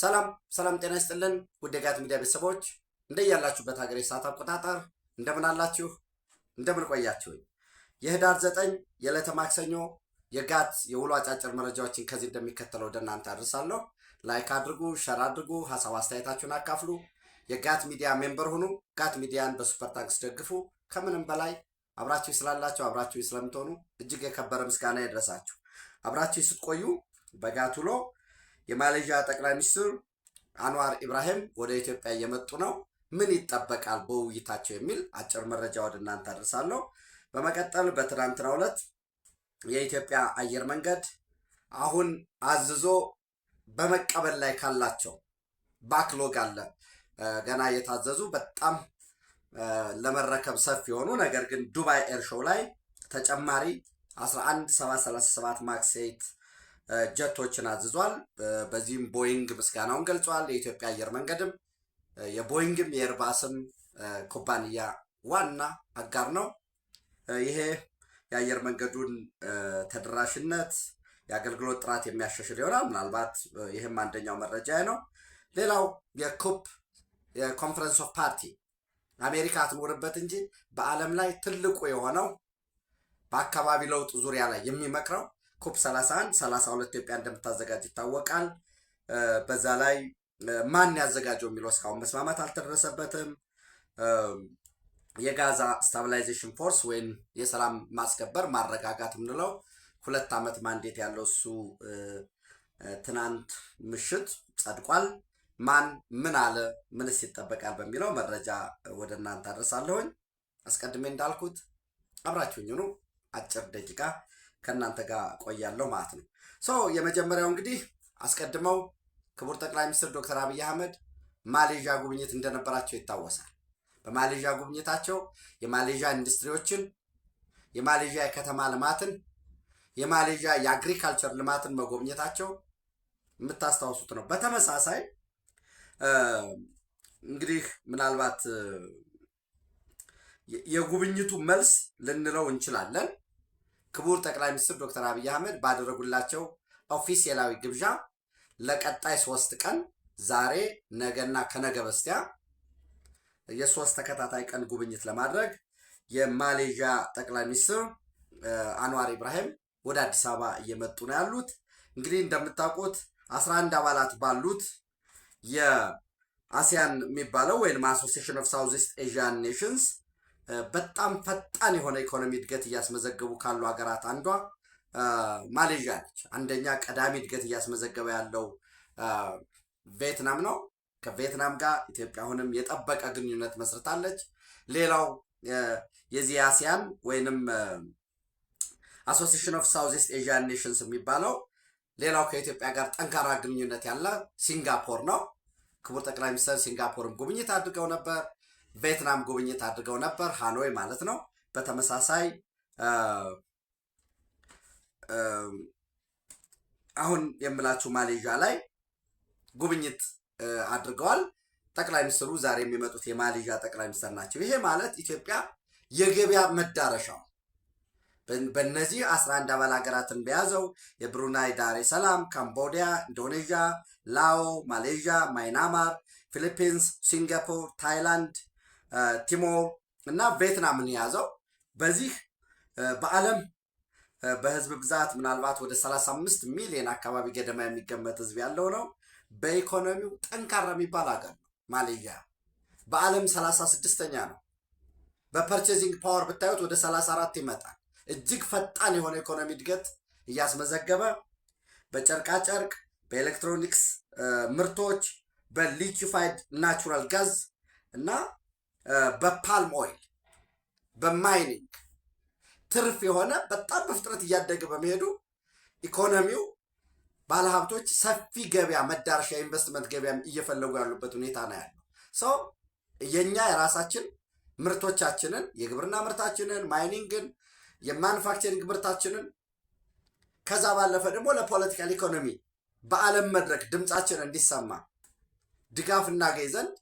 ሰላም ሰላም፣ ጤና ይስጥልን ውድ የጋት ሚዲያ ቤተሰቦች እንደያላችሁበት ሀገር የሰዓት አቆጣጠር እንደምን አላችሁ? እንደምን ቆያችሁኝ? የህዳር ዘጠኝ የዕለተ ማክሰኞ የጋት የውሎ አጫጭር መረጃዎችን ከዚህ እንደሚከተለው ወደ እናንተ አድርሳለሁ። ላይክ አድርጉ፣ ሸር አድርጉ፣ ሀሳብ አስተያየታችሁን አካፍሉ፣ የጋት ሚዲያ ሜምበር ሁኑ፣ ጋት ሚዲያን በሱፐር ታንክስ ደግፉ። ከምንም በላይ አብራችሁ ስላላችሁ አብራችሁ ስለምትሆኑ እጅግ የከበረ ምስጋና ይድረሳችሁ። አብራችሁ ስትቆዩ በጋት ውሎ የማሌዥያ ጠቅላይ ሚኒስትር አንዋር ኢብራሂም ወደ ኢትዮጵያ እየመጡ ነው። ምን ይጠበቃል በውይይታቸው የሚል አጭር መረጃ ወደ እናንተ አድርሳለሁ። በመቀጠል በትናንትናው ዕለት የኢትዮጵያ አየር መንገድ አሁን አዝዞ በመቀበል ላይ ካላቸው ባክሎግ አለ ገና እየታዘዙ በጣም ለመረከብ ሰፊ የሆኑ ነገር ግን ዱባይ ኤርሾው ላይ ተጨማሪ 11737 ማክስ ኤይት ጀቶችን አዝዟል። በዚህም ቦይንግ ምስጋናውን ገልጿል። የኢትዮጵያ አየር መንገድም የቦይንግም የኤርባስም ኩባንያ ዋና አጋር ነው። ይሄ የአየር መንገዱን ተደራሽነት፣ የአገልግሎት ጥራት የሚያሻሽል ይሆናል። ምናልባት ይህም አንደኛው መረጃ ነው። ሌላው የኩፕ የኮንፈረንስ ኦፍ ፓርቲ አሜሪካ አትኖርበት እንጂ በዓለም ላይ ትልቁ የሆነው በአካባቢ ለውጥ ዙሪያ ላይ የሚመክረው ኮፕ 31 32 ኢትዮጵያ እንደምታዘጋጅ ይታወቃል። በዛ ላይ ማን ያዘጋጀው የሚለው እስካሁን መስማማት አልተደረሰበትም። የጋዛ ስታቢላይዜሽን ፎርስ ወይም የሰላም ማስከበር ማረጋጋት የምንለው ሁለት ዓመት ማንዴት ያለው እሱ ትናንት ምሽት ጸድቋል። ማን ምን አለ፣ ምንስ ይጠበቃል በሚለው መረጃ ወደ እናንተ አደርሳለሁኝ። አስቀድሜ እንዳልኩት አብራችሁኝ አጭር ደቂቃ ከእናንተ ጋር ቆያለሁ ማለት ነው። ሶ የመጀመሪያው እንግዲህ አስቀድመው ክቡር ጠቅላይ ሚኒስትር ዶክተር አብይ አህመድ ማሌዥያ ጉብኝት እንደነበራቸው ይታወሳል። በማሌዥያ ጉብኝታቸው የማሌዥያ ኢንዱስትሪዎችን፣ የማሌዥያ የከተማ ልማትን፣ የማሌዥያ የአግሪካልቸር ልማትን መጎብኘታቸው የምታስታውሱት ነው። በተመሳሳይ እንግዲህ ምናልባት የጉብኝቱ መልስ ልንለው እንችላለን ክቡር ጠቅላይ ሚኒስትር ዶክተር አብይ አህመድ ባደረጉላቸው ኦፊሴላዊ ግብዣ ለቀጣይ ሶስት ቀን ዛሬ፣ ነገና ከነገ በስቲያ የሶስት ተከታታይ ቀን ጉብኝት ለማድረግ የማሌዥያ ጠቅላይ ሚኒስትር አንዋር ኢብራሂም ወደ አዲስ አበባ እየመጡ ነው ያሉት። እንግዲህ እንደምታውቁት አስራ አንድ አባላት ባሉት የአሲያን የሚባለው ወይም አሶሲሽን ኦፍ ሳውዝ ኢስት ኤዥያን ኔሽንስ በጣም ፈጣን የሆነ ኢኮኖሚ እድገት እያስመዘገቡ ካሉ ሀገራት አንዷ ማሌዥያ ነች። አንደኛ ቀዳሚ እድገት እያስመዘገበ ያለው ቪየትናም ነው። ከቪየትናም ጋር ኢትዮጵያ አሁንም የጠበቀ ግንኙነት መስርታለች። ሌላው የዚህ አሲያን ወይንም አሶሲሽን ኦፍ ሳውዝ ኢስት ኤዥያን ኔሽንስ የሚባለው ሌላው ከኢትዮጵያ ጋር ጠንካራ ግንኙነት ያለ ሲንጋፖር ነው። ክቡር ጠቅላይ ሚኒስትር ሲንጋፖርም ጉብኝት አድርገው ነበር። ቬትናም ጉብኝት አድርገው ነበር፣ ሃኖይ ማለት ነው። በተመሳሳይ አሁን የምላችሁ ማሌዥያ ላይ ጉብኝት አድርገዋል። ጠቅላይ ሚኒስትሩ ዛሬ የሚመጡት የማሌዥያ ጠቅላይ ሚኒስትር ናቸው። ይሄ ማለት ኢትዮጵያ የገበያ መዳረሻው በእነዚህ አስራ አንድ አባል ሀገራትን በያዘው የብሩናይ ዳሬ ሰላም፣ ካምቦዲያ፣ ኢንዶኔዥያ፣ ላኦ፣ ማሌዥያ፣ ማይናማር፣ ፊሊፒንስ፣ ሲንጋፖር፣ ታይላንድ ቲሞር እና ቬትናምን የያዘው በዚህ በዓለም በህዝብ ብዛት ምናልባት ወደ 35 ሚሊዮን አካባቢ ገደማ የሚገመት ህዝብ ያለው ነው። በኢኮኖሚው ጠንካራ የሚባል ሀገር ነው ማሌዥያ። በዓለም 36ኛ ነው። በፐርቼዚንግ ፓወር ብታዩት ወደ 34 ይመጣል። እጅግ ፈጣን የሆነ ኢኮኖሚ እድገት እያስመዘገበ በጨርቃጨርቅ፣ በኤሌክትሮኒክስ ምርቶች፣ በሊኪፋይድ ናቹራል ጋዝ እና በፓልም ኦይል በማይኒንግ ትርፍ የሆነ በጣም በፍጥነት እያደገ በመሄዱ ኢኮኖሚው ባለሀብቶች ሰፊ ገበያ መዳረሻ ኢንቨስትመንት ገበያ እየፈለጉ ያሉበት ሁኔታ ነው ያለው። ሰው የእኛ የራሳችን ምርቶቻችንን የግብርና ምርታችንን፣ ማይኒንግን፣ የማኑፋክቸሪንግ ምርታችንን ከዛ ባለፈ ደግሞ ለፖለቲካል ኢኮኖሚ በዓለም መድረክ ድምፃችን እንዲሰማ ድጋፍ እናገኝ ዘንድ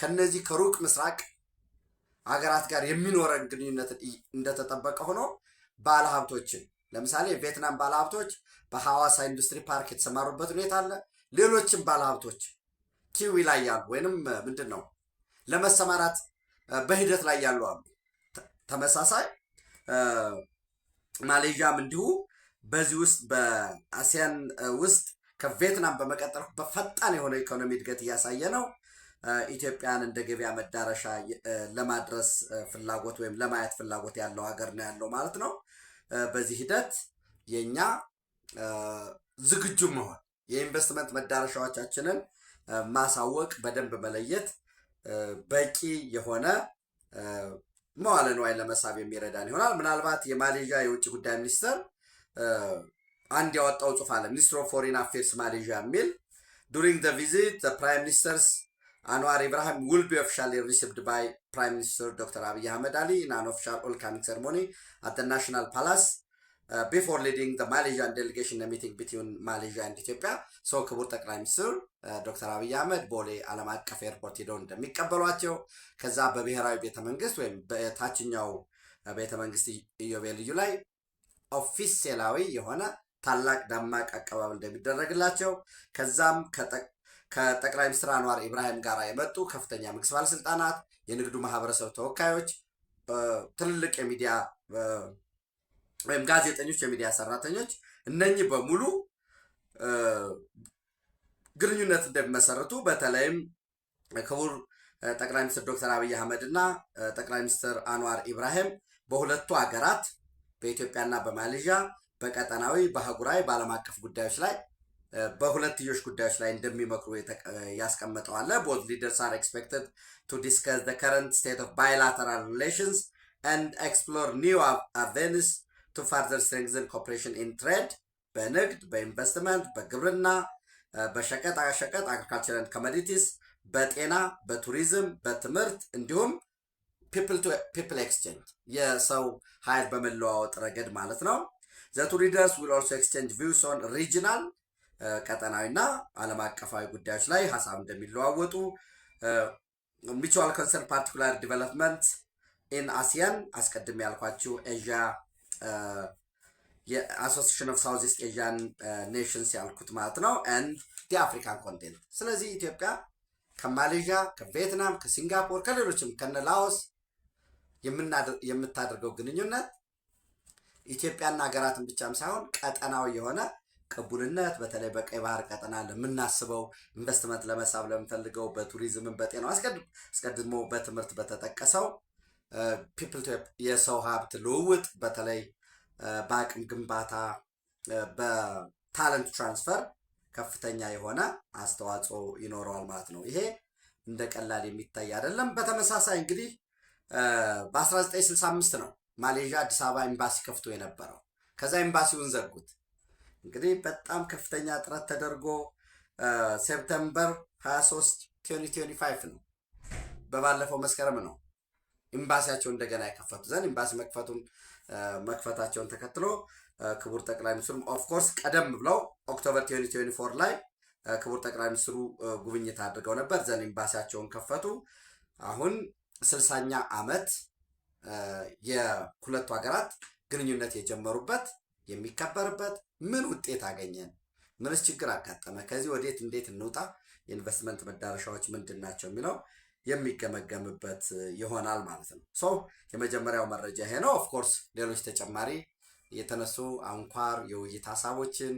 ከነዚህ ከሩቅ ምስራቅ ሀገራት ጋር የሚኖረን ግንኙነት እንደተጠበቀ ሆኖ ባለሀብቶችን ለምሳሌ የቪየትናም ባለሀብቶች በሐዋሳ ኢንዱስትሪ ፓርክ የተሰማሩበት ሁኔታ አለ። ሌሎችም ባለሀብቶች ኪዊ ላይ ያሉ ወይንም ምንድን ነው ለመሰማራት በሂደት ላይ ያሉ አሉ። ተመሳሳይ ማሌዥያም እንዲሁ በዚህ ውስጥ በአሲያን ውስጥ ከቪየትናም በመቀጠል በፈጣን የሆነ ኢኮኖሚ እድገት እያሳየ ነው። ኢትዮጵያን እንደ ገበያ መዳረሻ ለማድረስ ፍላጎት ወይም ለማየት ፍላጎት ያለው ሀገር ነው ያለው ማለት ነው። በዚህ ሂደት የእኛ ዝግጁ መሆን የኢንቨስትመንት መዳረሻዎቻችንን ማሳወቅ፣ በደንብ መለየት በቂ የሆነ መዋለ ንዋይ ለመሳብ የሚረዳን ይሆናል። ምናልባት የማሌዥያ የውጭ ጉዳይ ሚኒስትር አንድ ያወጣው ጽሑፍ አለ ሚኒስትር ኦፍ ፎሪን አፌርስ ማሌዥያ የሚል ዱሪንግ ቪዚት ፕራይም ሚኒስተርስ አንዋር ኢብራሂም ውል ቢ ኦፊሻሊ ሪሲቭድ ባይ ፕራይም ሚኒስትር ዶክተር አብይ አህመድ አሊ ኢን አን ኦፊሻል ኦልካሚንግ ሰርሞኒ አት ናሽናል ፓላስ ቢፎር ሊዲንግ ማሌዥያን ዴሊጌሽን ሚቲንግ ቢትዊን ማሌዥያ ኤንድ ኢትዮጵያ ሶ ክቡር ጠቅላይ ሚኒስትር ዶክተር አብይ አህመድ ቦሌ ዓለም አቀፍ ኤርፖርት ሄደው እንደሚቀበሏቸው ከዛ በብሔራዊ ቤተ መንግስት ወይም በታችኛው uh, ቤተ መንግስት ኢዮቤልዩ ላይ ኦፊሴላዊ የሆነ ታላቅ ደማቅ አቀባበል እንደሚደረግላቸው ከዛም ከጠቅላይ ሚኒስትር አንዋር ኢብራሂም ጋር የመጡ ከፍተኛ መንግስት ባለስልጣናት፣ የንግዱ ማህበረሰብ ተወካዮች፣ ትልልቅ የሚዲያ ወይም ጋዜጠኞች፣ የሚዲያ ሰራተኞች እነኚህ በሙሉ ግንኙነት እንደሚመሰርቱ በተለይም ክቡር ጠቅላይ ሚኒስትር ዶክተር አብይ አህመድ እና ጠቅላይ ሚኒስትር አንዋር ኢብራሂም በሁለቱ ሀገራት በኢትዮጵያና በማሌዥያ በቀጠናዊ በአህጉራዊ በዓለም አቀፍ ጉዳዮች ላይ በሁለትዮሽ ጉዳዮች ላይ እንደሚመክሩ ያስቀመጠው አለ። ቦዝ ሊደርስ አር ኤክስፔክትድ ቱ ዲስከስ ዘ ከረንት ስቴት ኦፍ ባይላተራል ሪሌሽንስ ኤንድ ኤክስፕሎር ኒው አቬንስ ቱ ፋርዘር ስትሬንግዝን ኮፕሬሽን ኢን ትሬድ፣ በንግድ በኢንቨስትመንት፣ በግብርና፣ በሸቀጥ ሸቀጥ አግሪካልቸር ኤንድ ኮሞዲቲስ፣ በጤና፣ በቱሪዝም፣ በትምህርት እንዲሁም ፒፕል ኤክስቼንጅ የሰው ኃይል በመለዋወጥ ረገድ ማለት ነው። ዘ ቱ ሊደርስ ዊል ኦልሶ ኤክስቼንጅ ቪውስ ኦን ሪጂናል ቀጠናዊና ዓለም አቀፋዊ ጉዳዮች ላይ ሀሳብ እንደሚለዋወጡ ሚቹዋል ኮንሰርን ፓርቲኩላር ዲቨሎፕመንት ኢን አሲያን አስቀድሜ ያልኳችሁ ኤዥያ የአሶሲሽን ኦፍ ሳውዝ ኢስት ኤዥያን ኔሽንስ ያልኩት ማለት ነው ኤንድ የአፍሪካን ኮንቴንት። ስለዚህ ኢትዮጵያ ከማሌዥያ፣ ከቪየትናም፣ ከሲንጋፖር፣ ከሌሎችም ከነ ላኦስ የምታደርገው ግንኙነት ኢትዮጵያና ሀገራትን ብቻም ሳይሆን ቀጠናዊ የሆነ ቅቡልነት በተለይ በቀይ ባህር ቀጠና ለምናስበው ኢንቨስትመንት ለመሳብ ለምንፈልገው በቱሪዝምን በጤናው አስቀድሞ በትምህርት በተጠቀሰው ፒፕል የሰው ሀብት ልውውጥ በተለይ በአቅም ግንባታ በታለንት ትራንስፈር ከፍተኛ የሆነ አስተዋጽኦ ይኖረዋል ማለት ነው። ይሄ እንደ ቀላል የሚታይ አይደለም። በተመሳሳይ እንግዲህ በ1965 ነው ማሌዥያ አዲስ አበባ ኤምባሲ ከፍቶ የነበረው። ከዛ ኤምባሲውን ዘጉት። እንግዲህ በጣም ከፍተኛ ጥረት ተደርጎ ሴፕተምበር 23 2025 ነው፣ በባለፈው መስከረም ነው ኤምባሲያቸውን እንደገና የከፈቱ ዘንድ ኤምባሲ መክፈቱን መክፈታቸውን ተከትሎ ክቡር ጠቅላይ ሚኒስትሩ ኦፍኮርስ ቀደም ብለው ኦክቶበር 2024 ላይ ክቡር ጠቅላይ ሚኒስትሩ ጉብኝት አድርገው ነበር። ዘን ኤምባሲያቸውን ከፈቱ። አሁን ስልሳኛ ዓመት የሁለቱ ሀገራት ግንኙነት የጀመሩበት የሚከበርበት ምን ውጤት አገኘን፣ ምንስ ችግር አጋጠመ፣ ከዚህ ወዴት እንዴት እንውጣ፣ የኢንቨስትመንት መዳረሻዎች ምንድን ናቸው የሚለው የሚገመገምበት ይሆናል ማለት ነው። ሶ የመጀመሪያው መረጃ ይሄ ነው። ኦፍኮርስ ሌሎች ተጨማሪ የተነሱ አንኳር የውይይት ሀሳቦችን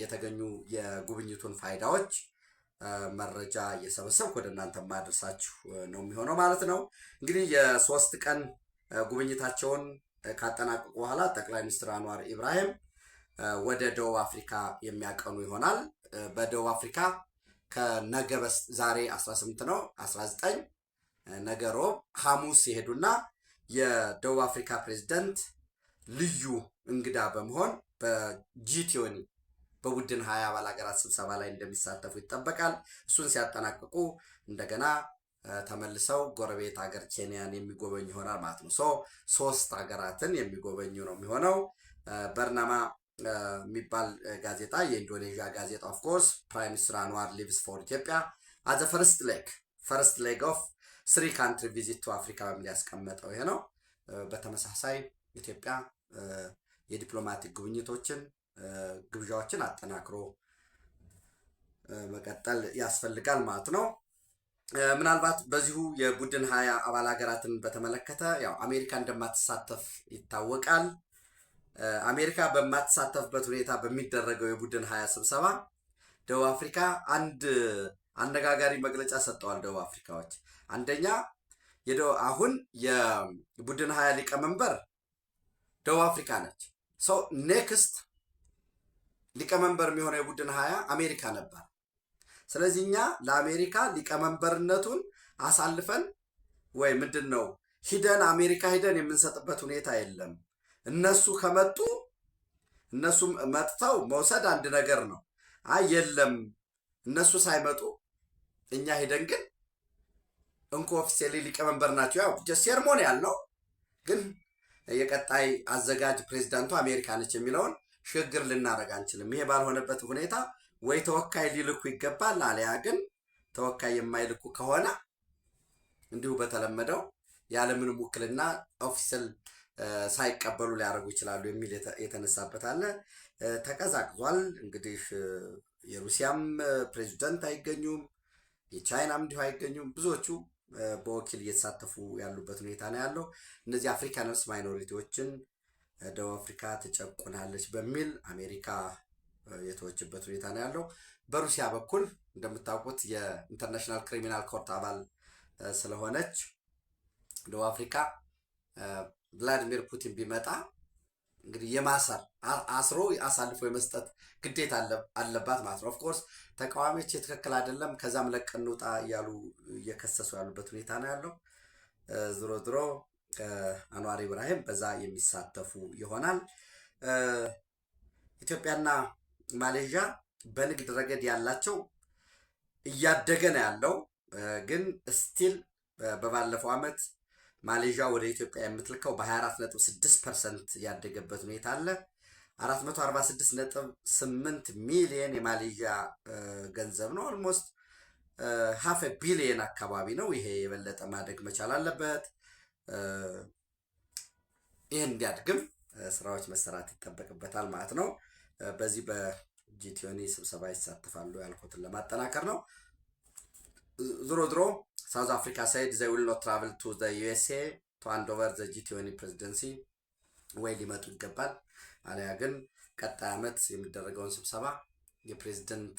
የተገኙ የጉብኝቱን ፋይዳዎች መረጃ እየሰበሰብኩ ወደ እናንተ ማድረሳችሁ ነው የሚሆነው ማለት ነው። እንግዲህ የሶስት ቀን ጉብኝታቸውን ካጠናቀቁ በኋላ ጠቅላይ ሚኒስትር አንዋር ኢብራሂም ወደ ደቡብ አፍሪካ የሚያቀኑ ይሆናል። በደቡብ አፍሪካ ከነገ ዛሬ 18 ነው 19 ነገ ሮብ ሐሙስ የሄዱና የደቡብ አፍሪካ ፕሬዚደንት ልዩ እንግዳ በመሆን በጂቲዮኒ በቡድን ሀያ አባል ሀገራት ስብሰባ ላይ እንደሚሳተፉ ይጠበቃል። እሱን ሲያጠናቅቁ እንደገና ተመልሰው ጎረቤት ሀገር ኬንያን የሚጎበኙ ይሆናል ማለት ነው። ሶ ሶስት ሀገራትን የሚጎበኙ ነው የሚሆነው። በርናማ የሚባል ጋዜጣ የኢንዶኔዥያ ጋዜጣ ኦፍ ኮርስ ፕራይም ሚኒስትር አንዋር ሊቭስ ፎር ኢትዮጵያ አዘ ፈርስት ሌግ ፈርስት ሌግ ኦፍ ስሪ ካንትሪ ቪዚት ቱ አፍሪካ በሚል ያስቀመጠው ይሄ ነው። በተመሳሳይ ኢትዮጵያ የዲፕሎማቲክ ጉብኝቶችን ግብዣዎችን አጠናክሮ መቀጠል ያስፈልጋል ማለት ነው። ምናልባት በዚሁ የቡድን ሀያ አባል ሀገራትን በተመለከተ ያው አሜሪካ እንደማትሳተፍ ይታወቃል። አሜሪካ በማትሳተፍበት ሁኔታ በሚደረገው የቡድን ሀያ ስብሰባ ደቡብ አፍሪካ አንድ አነጋጋሪ መግለጫ ሰጠዋል። ደቡብ አፍሪካዎች አንደኛ አሁን የቡድን ሀያ ሊቀመንበር ደቡብ አፍሪካ ነች። ሶ ኔክስት ሊቀመንበር የሚሆነው የቡድን ሀያ አሜሪካ ነበር። ስለዚህ እኛ ለአሜሪካ ሊቀመንበርነቱን አሳልፈን ወይ ምንድን ነው ሂደን አሜሪካ ሂደን የምንሰጥበት ሁኔታ የለም። እነሱ ከመጡ እነሱ መጥተው መውሰድ አንድ ነገር ነው። አይ የለም እነሱ ሳይመጡ እኛ ሂደን ግን እንኮ ኦፊሴሊ ሊቀመንበር ናቸው። ያው ሴርሞኒያል ነው፣ ግን የቀጣይ አዘጋጅ ፕሬዚዳንቱ አሜሪካ ነች የሚለውን ሽግግር ልናደርግ አንችልም። ይሄ ባልሆነበት ሁኔታ ወይ ተወካይ ሊልኩ ይገባል። አለያ ግን ተወካይ የማይልኩ ከሆነ እንዲሁ በተለመደው ያለምንም ውክልና ኦፊሰል ሳይቀበሉ ሊያደርጉ ይችላሉ የሚል የተነሳበት አለ። ተቀዛቅዟል። እንግዲህ የሩሲያም ፕሬዚደንት አይገኙም፣ የቻይናም እንዲሁ አይገኙም። ብዙዎቹ በወኪል እየተሳተፉ ያሉበት ሁኔታ ነው ያለው። እነዚህ አፍሪካነርስ ማይኖሪቲዎችን ደቡብ አፍሪካ ትጨቁናለች በሚል አሜሪካ የተወችበት ሁኔታ ነው ያለው። በሩሲያ በኩል እንደምታውቁት የኢንተርናሽናል ክሪሚናል ኮርት አባል ስለሆነች ደቡብ አፍሪካ ቭላዲሚር ፑቲን ቢመጣ እንግዲህ የማሰር አስሮ አሳልፎ የመስጠት ግዴታ አለባት ማለት ነው። ኦፍኮርስ ተቃዋሚዎች የትክክል አይደለም ከዛም ለቀን እንውጣ እያሉ እየከሰሱ ያሉበት ሁኔታ ነው ያለው። ዝሮ ዝሮ አንዋር ኢብራሂም በዛ የሚሳተፉ ይሆናል ኢትዮጵያና ማሌዥያ በንግድ ረገድ ያላቸው እያደገ ነው ያለው። ግን ስቲል በባለፈው ዓመት ማሌዥያ ወደ ኢትዮጵያ የምትልከው በ24.6 ፐርሰንት ያደገበት ሁኔታ አለ። 446.8 ሚሊየን የማሌዥያ ገንዘብ ነው። ኦልሞስት ሀፍ ቢሊየን አካባቢ ነው። ይሄ የበለጠ ማደግ መቻል አለበት። ይህን እንዲያድግም ስራዎች መሰራት ይጠበቅበታል ማለት ነው። በዚህ በጂቲዮኒ ስብሰባ ይሳተፋሉ ያልኩትን ለማጠናከር ነው። ዝሮ ዝሮ ሳውዝ አፍሪካ ሳይድ ዘ ዊል ኖት ትራቨል ቱ ዘ ዩኤስኤ ቱ ሃንድ ኦቨር ዘ ጂቲዮኒ ፕሬዚደንሲ ወይ ሊመጡ ይገባል። አለያ ግን ቀጣይ ዓመት የሚደረገውን ስብሰባ የፕሬዚደንት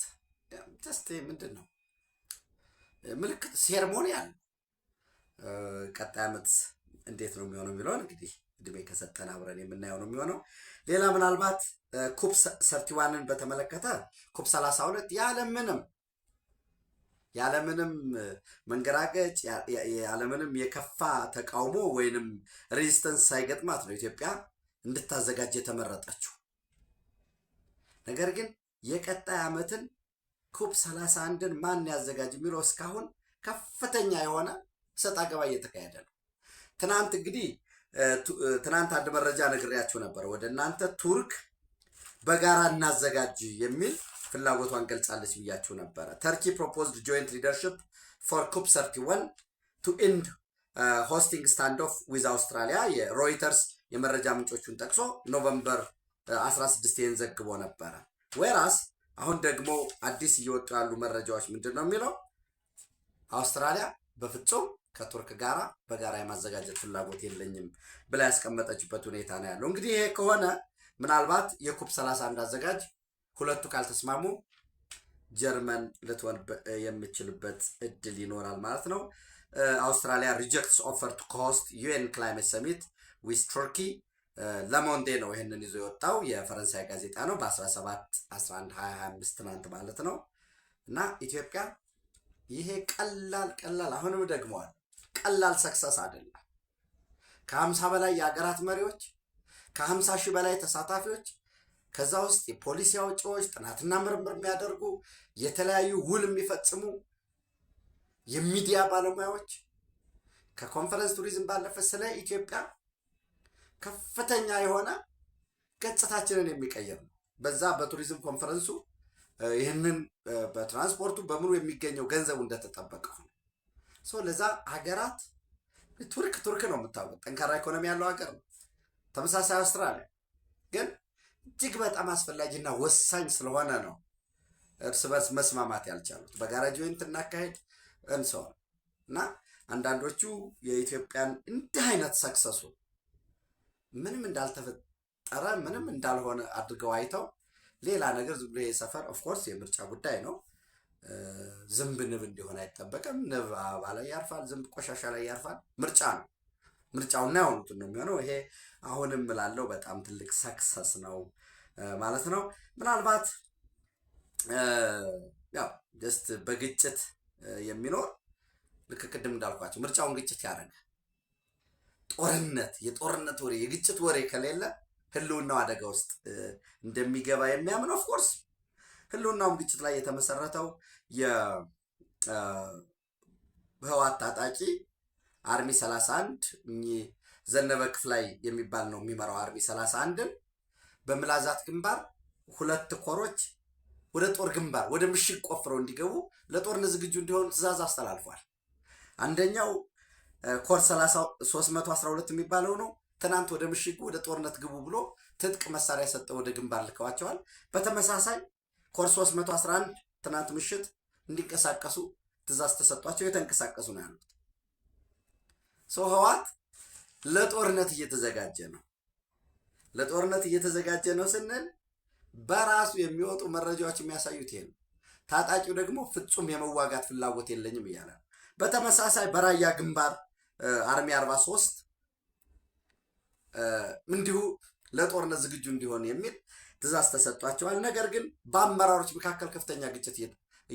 ጀስት ምንድን ነው ምልክት ሴርሞኒ ቀጣይ ዓመት እንዴት ነው የሚሆነው የሚለውን እንግዲህ እድሜ ከሰጠን አብረን የምናየው ነው የሚሆነው። ሌላ ምናልባት ኩፕ ሰርቲዋንን በተመለከተ ኩፕ 32 ያለምንም ያለምንም መንገራገጭ ያለምንም የከፋ ተቃውሞ ወይንም ሬዚስተንስ ሳይገጥማት ነው ኢትዮጵያ እንድታዘጋጅ የተመረጠችው። ነገር ግን የቀጣይ ዓመትን ኩፕ 31ን ማን ያዘጋጅ የሚለው እስካሁን ከፍተኛ የሆነ ሰጣገባ እየተካሄደ ነው። ትናንት እንግዲህ ትናንት አንድ መረጃ ነግሬያችሁ ነበር። ወደ እናንተ ቱርክ በጋራ እናዘጋጅ የሚል ፍላጎቷን ገልጻለች ብያችሁ ነበረ። ተርኪ ፕሮፖዝድ ጆይንት ሊደርሽፕ ፎር ኩፕ ሰርቲ ወን ቱ ኢንድ ሆስቲንግ ስታንድ ኦፍ ዊዝ አውስትራሊያ የሮይተርስ የመረጃ ምንጮቹን ጠቅሶ ኖቨምበር 16 ዘግቦ ነበረ። ወይራስ አሁን ደግሞ አዲስ እየወጡ ያሉ መረጃዎች ምንድን ነው የሚለው አውስትራሊያ በፍጹም ከቱርክ ጋራ በጋራ የማዘጋጀት ፍላጎት የለኝም ብላ ያስቀመጠችበት ሁኔታ ነው ያለው። እንግዲህ ይሄ ከሆነ ምናልባት የኩፕ ሰላሳ እንዳዘጋጅ ሁለቱ ካልተስማሙ ጀርመን ልትሆን የምችልበት እድል ይኖራል ማለት ነው። አውስትራሊያ ሪጀክትስ ኦፈር ቱ ኮስት ዩኤን ክላይሜት ሰሚት ዊስ ቱርኪ ለሞንዴ ነው ይህንን ይዞ የወጣው የፈረንሳይ ጋዜጣ ነው። በ17 11 25 ትናንት ማለት ነው። እና ኢትዮጵያ ይሄ ቀላል ቀላል አሁንም ደግመዋል ቀላል ሰክሰስ አይደለም። ከሀምሳ በላይ የሀገራት መሪዎች ከሀምሳ ሺህ በላይ ተሳታፊዎች ከዛ ውስጥ የፖሊሲ አውጪዎች፣ ጥናትና ምርምር የሚያደርጉ የተለያዩ ውል የሚፈጽሙ የሚዲያ ባለሙያዎች ከኮንፈረንስ ቱሪዝም ባለፈ ስለ ኢትዮጵያ ከፍተኛ የሆነ ገጽታችንን የሚቀየር ነው። በዛ በቱሪዝም ኮንፈረንሱ ይህንን በትራንስፖርቱ በምኑ የሚገኘው ገንዘቡ እንደተጠበቀ ነው። ለዛ ሀገራት ቱርክ ቱርክ ነው የምታውቁት፣ ጠንካራ ኢኮኖሚ ያለው ሀገር ነው። ተመሳሳይ አውስትራሊያ ግን እጅግ በጣም አስፈላጊና ወሳኝ ስለሆነ ነው እርስ በርስ መስማማት ያልቻሉት። በጋራ ጆይንት እናካሄድ እንሰዋል እና አንዳንዶቹ የኢትዮጵያን እንዲህ አይነት ሰክሰሱ ምንም እንዳልተፈጠረ ምንም እንዳልሆነ አድርገው አይተው ሌላ ነገር ዝም ብሎ የሰፈር ኦፍኮርስ የምርጫ ጉዳይ ነው ዝንብ ንብ እንዲሆን አይጠበቅም። ንብ አበባ ላይ ያርፋል፣ ዝንብ ቆሻሻ ላይ ያርፋል። ምርጫ ነው። ምርጫውና የሆኑትን ነው የሚሆነው። ይሄ አሁንም ላለው በጣም ትልቅ ሰክሰስ ነው ማለት ነው። ምናልባት ያው ጀስት በግጭት የሚኖር ልክ ቅድም እንዳልኳቸው ምርጫውን ግጭት ያደረገ ጦርነት፣ የጦርነት ወሬ፣ የግጭት ወሬ ከሌለ ህልውናው አደጋ ውስጥ እንደሚገባ የሚያምን ኦፍኮርስ ህልውናውን ግጭት ላይ የተመሰረተው የህዋት ታጣቂ አርሚ 31 ዘነበ ክፍ ላይ የሚባል ነው የሚመራው አርሚ 31ን በምላዛት ግንባር ሁለት ኮሮች ወደ ጦር ግንባር ወደ ምሽግ ቆፍረው እንዲገቡ ለጦርነት ዝግጁ እንዲሆኑ ትእዛዝ አስተላልፏል። አንደኛው ኮር 312 የሚባለው ነው። ትናንት ወደ ምሽግ ወደ ጦርነት ግቡ ብሎ ትጥቅ መሳሪያ ሰጠ ወደ ግንባር ልከዋቸዋል። በተመሳሳይ ኮርስ 311 ትናንት ምሽት እንዲንቀሳቀሱ ትእዛዝ ተሰጧቸው። የተንቀሳቀሱ ነው ያሉት። ሰው ህዋት ለጦርነት እየተዘጋጀ ነው። ለጦርነት እየተዘጋጀ ነው ስንል በራሱ የሚወጡ መረጃዎች የሚያሳዩት ይሄ ነው። ታጣቂው ደግሞ ፍጹም የመዋጋት ፍላጎት የለኝም እያለ ነው። በተመሳሳይ በራያ ግንባር አርሚ 43 እንዲሁ ለጦርነት ዝግጁ እንዲሆን የሚል ትእዛዝ ተሰጥቷቸዋል። ነገር ግን በአመራሮች መካከል ከፍተኛ ግጭት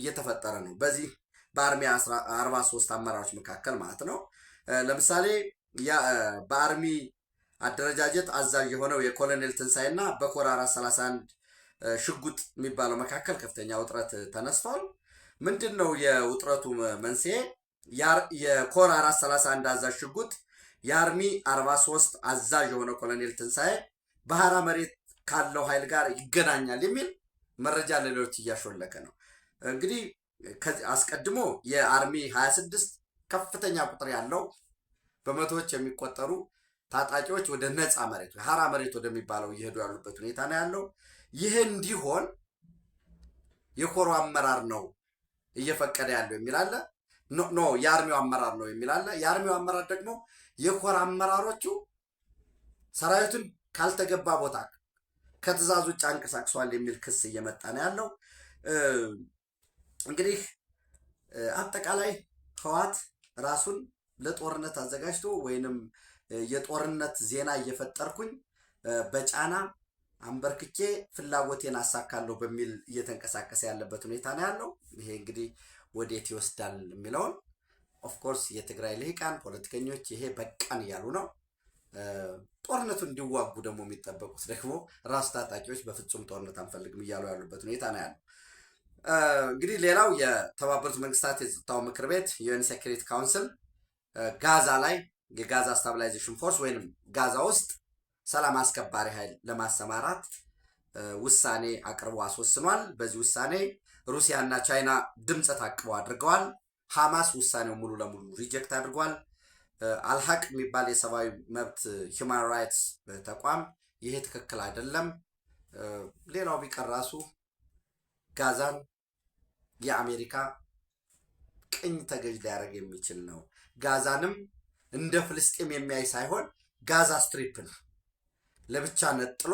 እየተፈጠረ ነው። በዚህ በአርሚ 43 አመራሮች መካከል ማለት ነው። ለምሳሌ በአርሚ አደረጃጀት አዛዥ የሆነው የኮሎኔል ትንሳኤና በኮር 431 ሽጉጥ የሚባለው መካከል ከፍተኛ ውጥረት ተነስቷል። ምንድን ነው የውጥረቱ መንስኤ? የኮር 431 አዛዥ ሽጉጥ የአርሚ 43 አዛዥ የሆነው ኮሎኔል ትንሳኤ ባህራ መሬት ካለው ኃይል ጋር ይገናኛል የሚል መረጃ ለሌሎች እያሾለከ ነው። እንግዲህ አስቀድሞ የአርሚ 26 ከፍተኛ ቁጥር ያለው በመቶዎች የሚቆጠሩ ታጣቂዎች ወደ ነፃ መሬት ሀራ መሬት ወደሚባለው እየሄዱ ያሉበት ሁኔታ ነው ያለው። ይህ እንዲሆን የኮሮ አመራር ነው እየፈቀደ ያለው የሚላለ ኖ የአርሚው አመራር ነው የሚላለ። የአርሚው አመራር ደግሞ የኮር አመራሮቹ ሰራዊቱን ካልተገባ ቦታ ከትእዛዝ ውጭ አንቀሳቅሷል የሚል ክስ እየመጣ ነው ያለው። እንግዲህ አጠቃላይ ህወሓት ራሱን ለጦርነት አዘጋጅቶ ወይንም የጦርነት ዜና እየፈጠርኩኝ በጫና አንበርክኬ ፍላጎቴን አሳካለሁ በሚል እየተንቀሳቀሰ ያለበት ሁኔታ ነው ያለው። ይሄ እንግዲህ ወዴት ይወስዳል የሚለውን ኦፍኮርስ የትግራይ ልሂቃን ፖለቲከኞች ይሄ በቃን እያሉ ነው። ጦርነቱን እንዲዋጉ ደግሞ የሚጠበቁት ደግሞ ራሱ ታጣቂዎች በፍጹም ጦርነት አንፈልግም እያሉ ያሉበት ሁኔታ ነው ያለው። እንግዲህ ሌላው የተባበሩት መንግስታት የጸጥታው ምክር ቤት ዩኤን ሴኩሪቲ ካውንስል ጋዛ ላይ የጋዛ ስታቢላይዜሽን ፎርስ ወይም ጋዛ ውስጥ ሰላም አስከባሪ ኃይል ለማሰማራት ውሳኔ አቅርቦ አስወስኗል። በዚህ ውሳኔ ሩሲያና ቻይና ድምፀ ታቅበው አድርገዋል። ሐማስ ውሳኔው ሙሉ ለሙሉ ሪጀክት አድርጓል። አልሀቅ የሚባል የሰብአዊ መብት ሂውማን ራይትስ ተቋም ይሄ ትክክል አይደለም፣ ሌላው ቢቀር ራሱ ጋዛን የአሜሪካ ቅኝ ተገዥ ሊያደርግ የሚችል ነው። ጋዛንም እንደ ፍልስጤም የሚያይ ሳይሆን ጋዛ ስትሪፕን ለብቻ ነጥሎ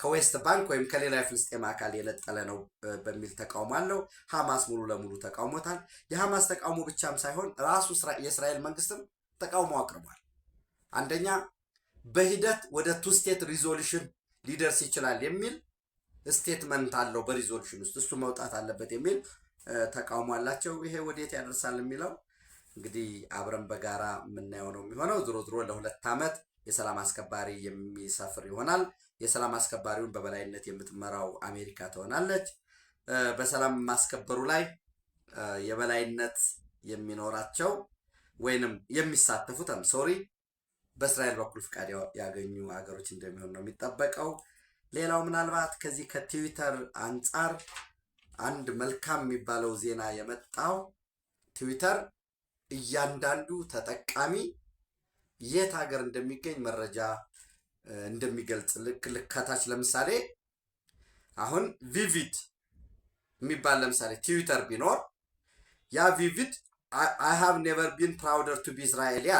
ከዌስት ባንክ ወይም ከሌላ የፍልስጤም አካል የነጠለ ነው በሚል ተቃውሞ አለው። ሐማስ ሙሉ ለሙሉ ተቃውሞታል። የሐማስ ተቃውሞ ብቻም ሳይሆን ራሱ የእስራኤል መንግስትም ተቃውሞ አቅርቧል። አንደኛ በሂደት ወደ ቱ ስቴት ሪዞሉሽን ሊደርስ ይችላል የሚል ስቴትመንት አለው በሪዞሉሽን ውስጥ እሱ መውጣት አለበት የሚል ተቃውሞ አላቸው። ይሄ ወዴት ያደርሳል የሚለው እንግዲህ አብረን በጋራ የምናየው ነው የሚሆነው። ዝሮ ዝሮ ለሁለት ዓመት የሰላም አስከባሪ የሚሰፍር ይሆናል። የሰላም አስከባሪውን በበላይነት የምትመራው አሜሪካ ትሆናለች። በሰላም ማስከበሩ ላይ የበላይነት የሚኖራቸው ወይንም የሚሳተፉት ሶሪ በእስራኤል በኩል ፍቃድ ያገኙ ሀገሮች እንደሚሆን ነው የሚጠበቀው። ሌላው ምናልባት ከዚህ ከትዊተር አንጻር አንድ መልካም የሚባለው ዜና የመጣው ትዊተር እያንዳንዱ ተጠቃሚ የት ሀገር እንደሚገኝ መረጃ እንደሚገልጽ ልክ ልካታች ለምሳሌ አሁን ቪቪድ የሚባል ለምሳሌ ትዊተር ቢኖር ያ ቪቪድ አይ ሃቭ ኔቨር ቢን ፕራውደር ቱ ቢ እስራኤል አለ።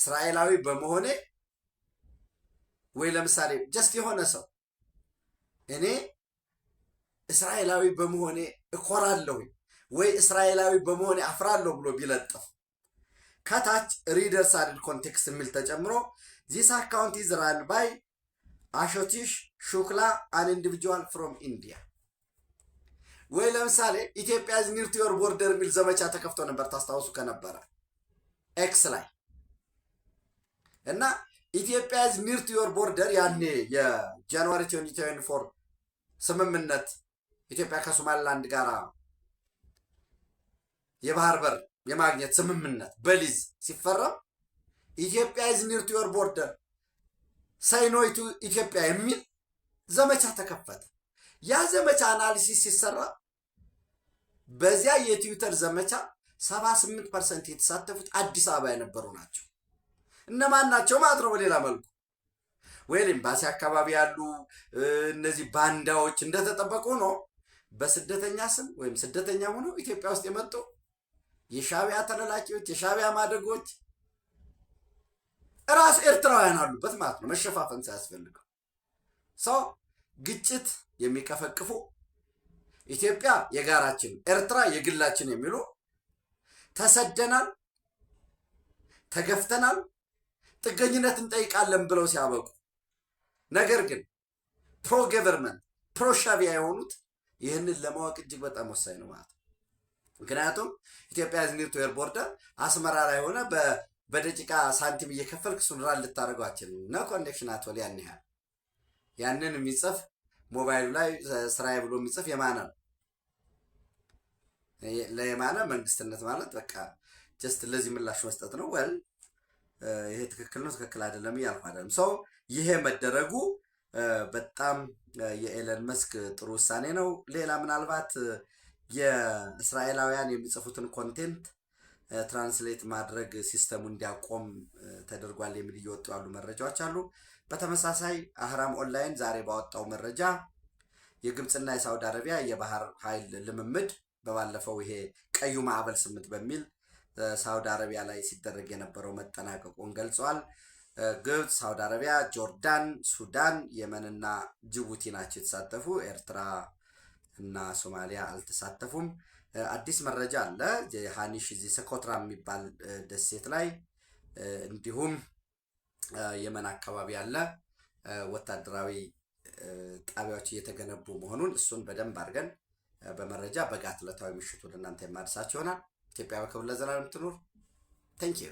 እስራኤላዊ በመሆኔ ወይ ለምሳሌ ጀስት የሆነ ሰው እኔ እስራኤላዊ በመሆኔ እኮራለሁ ወይ እስራኤላዊ በመሆኔ አፍራለሁ ብሎ ቢለጥፍ ከታች ሪደርስ አድድ ኮንቴክስት የሚል ተጨምሮ ዚስ አካውንት ኢዝ ራን ባይ አሾቲሽ ሹክላ አን ኢንዲቪጁዋል ፍሮም ኢንዲያ ወይ ለምሳሌ ኢትዮጵያ ኢዝ ኒር ቱ ዮር ቦርደር የሚል ዘመቻ ተከፍቶ ነበር ታስታውሱ ከነበረ ኤክስ ላይ እና ኢትዮጵያ ኢዝ ኒር ቱ ዮር ቦርደር ያኔ የጃንዋሪ ትዌንቲ ፎር ስምምነት ኢትዮጵያ ከሶማሊላንድ ጋር የባህር በር የማግኘት ስምምነት በሊዝ ሲፈረም ኢትዮጵያ ኢዝ ኒር ቱ ዮር ቦርደር ሳይኖይቱ ኢትዮጵያ የሚል ዘመቻ ተከፈተ። ያ ዘመቻ አናሊሲስ ሲሰራ በዚያ የትዊተር ዘመቻ 78 ፐርሰንት የተሳተፉት አዲስ አበባ የነበሩ ናቸው። እነማን ናቸው ማለት ነው? በሌላ መልኩ ወይም ኤምባሲ አካባቢ ያሉ እነዚህ ባንዳዎች እንደተጠበቁ ነው። በስደተኛ ስም ወይም ስደተኛ ሆኖ ኢትዮጵያ ውስጥ የመጡ የሻቢያ ተለላቂዎች፣ የሻቢያ ማደጎች እራሱ ኤርትራውያን አሉበት ማለት ነው። መሸፋፈን ሳያስፈልገው ሰው ግጭት የሚቀፈቅፉ ኢትዮጵያ የጋራችን፣ ኤርትራ የግላችን የሚሉ ተሰደናል፣ ተገፍተናል፣ ጥገኝነት እንጠይቃለን ብለው ሲያበቁ ነገር ግን ፕሮ ገቨርንመንት ፕሮ ሻቢያ የሆኑት ይህንን ለማወቅ እጅግ በጣም ወሳኝ ነው ማለት ነው። ምክንያቱም ኢትዮጵያ ዝኒር ቱዌር ቦርደር አስመራ ላይ የሆነ በደቂቃ ሳንቲም እየከፈልክ ሱንራን ልታደርገው አትችልም። እና ኮኔክሽን አትወል ያን ያህል ያንን የሚጽፍ ሞባይሉ ላይ ስራዬ ብሎ የሚጽፍ የማነ ነው ለየማነ መንግስትነት ማለት በቃ ጀስት ለዚህ ምላሽ መስጠት ነው። ወል ይሄ ትክክል ነው ትክክል አይደለም እያልኩ አይደለም። ሰው ይሄ መደረጉ በጣም የኤለን መስክ ጥሩ ውሳኔ ነው። ሌላ ምናልባት የእስራኤላውያን የሚጽፉትን ኮንቴንት ትራንስሌት ማድረግ ሲስተሙ እንዲያቆም ተደርጓል የሚል እየወጡ ያሉ መረጃዎች አሉ። በተመሳሳይ አህራም ኦንላይን ዛሬ ባወጣው መረጃ የግብፅና የሳውዲ አረቢያ የባህር ኃይል ልምምድ በባለፈው ይሄ ቀዩ ማዕበል ስምንት በሚል ሳውዲ አረቢያ ላይ ሲደረግ የነበረው መጠናቀቁን ገልጿል። ግብፅ፣ ሳውዲ አረቢያ፣ ጆርዳን፣ ሱዳን፣ የመንና ጅቡቲ ናቸው የተሳተፉ። ኤርትራ እና ሶማሊያ አልተሳተፉም። አዲስ መረጃ አለ። የሃኒሽ እዚህ ሰኮትራ የሚባል ደሴት ላይ እንዲሁም የመን አካባቢ ያለ ወታደራዊ ጣቢያዎች እየተገነቡ መሆኑን እሱን በደንብ አድርገን በመረጃ በጋት ዕለታዊ ምሽቱን እናንተ የማድረሳችሁ ይሆናል። ኢትዮጵያ በክብር ለዘላለም ትኑር። ታንኪዩ